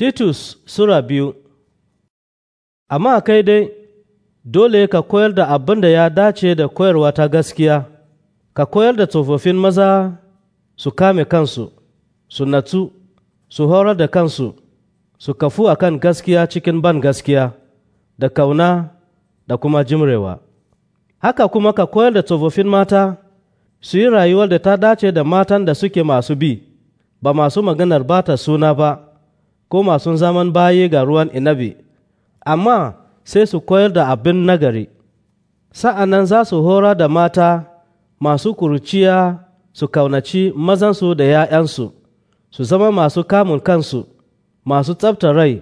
Titus Sura biyu Amma kai dai, dole ka koyar da abin da ya dace da koyarwa ta gaskiya, ka koyar da tsofaffin maza su kame kansu, su natsu, su horar da kansu, su kafu a kan gaskiya cikin ban gaskiya, da kauna da kuma jimrewa. Haka kuma ka koyar da tsofaffin mata su yi rayuwar da ta dace da matan da suke masu bi, ba masu maganar bata suna ba. ko masu zaman bayi ga ruwan inabi, amma sai su koyar da abin nagari, sa'an za su hora da mata masu kuruciya su kaunaci mazansu da ‘ya'yansu, su zama masu kamun kansu, masu tsabta rai,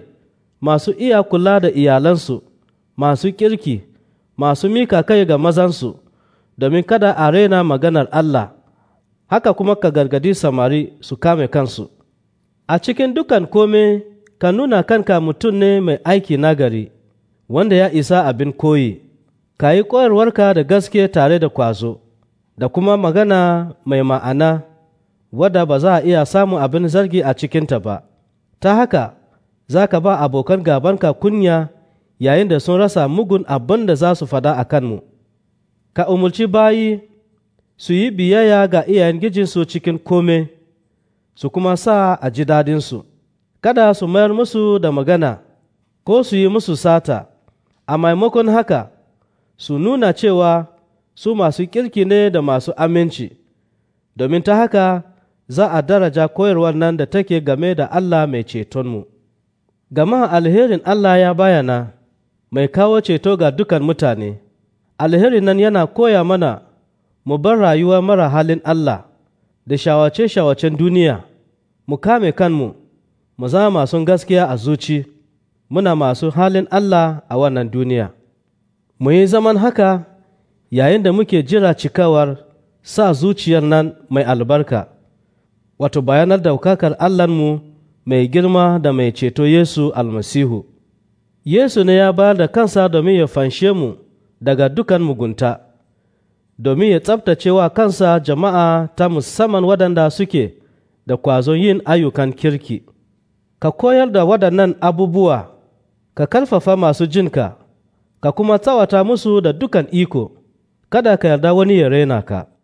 masu iya kula da iyalansu, masu kirki, masu mika kai ga mazansu, domin kada a raina maganar Allah, haka kuma ka gargadi samari su kame kansu. a cikin dukan kome ka nuna kanka mutum ne mai aiki nagari wanda ya isa abin koyi ka yi koyarwarka da gaske tare da kwazo da kuma magana mai ma'ana wadda ba za a iya samun abin zargi a cikinta ba ta haka za ka ba abokan gabanka kunya yayin da sun rasa mugun abin da za su fada a kanmu ka umarci bayi su yi biyayya ga iyayen gijinsu cikin komai. su kuma sa a ji dadinsu, kada su mayar musu da magana ko su yi musu sata, a maimakon haka su nuna cewa su masu kirki ne da masu aminci, domin ta haka za a daraja koyarwar nan da take game da Allah mai cetonmu. Gama alherin Allah ya bayana mai kawo ceto ga dukan mutane, alherin nan yana koya mana mu bar rayuwa mara halin Allah da shawace-shawacen duniya. mu kame kanmu mu za masu gaskiya a zuci muna masu halin Allah a wannan duniya mu yi zaman haka yayin da muke jira cikawar sa zuciyar nan mai albarka wato bayanar daukakar Allahnmu mai girma da mai ceto Yesu almasihu Yesu ne ya bayar da kansa domin ya fanshe mu daga dukan mugunta domin ya tsabtace wa kansa jama'a ta musamman waɗanda suke da kwazon yin ayyukan kirki, ka koyar da waɗannan abubuwa, ka karfafa masu jinka, ka kuma tsawata musu da dukan iko, kada ka yarda wani ya rena ka.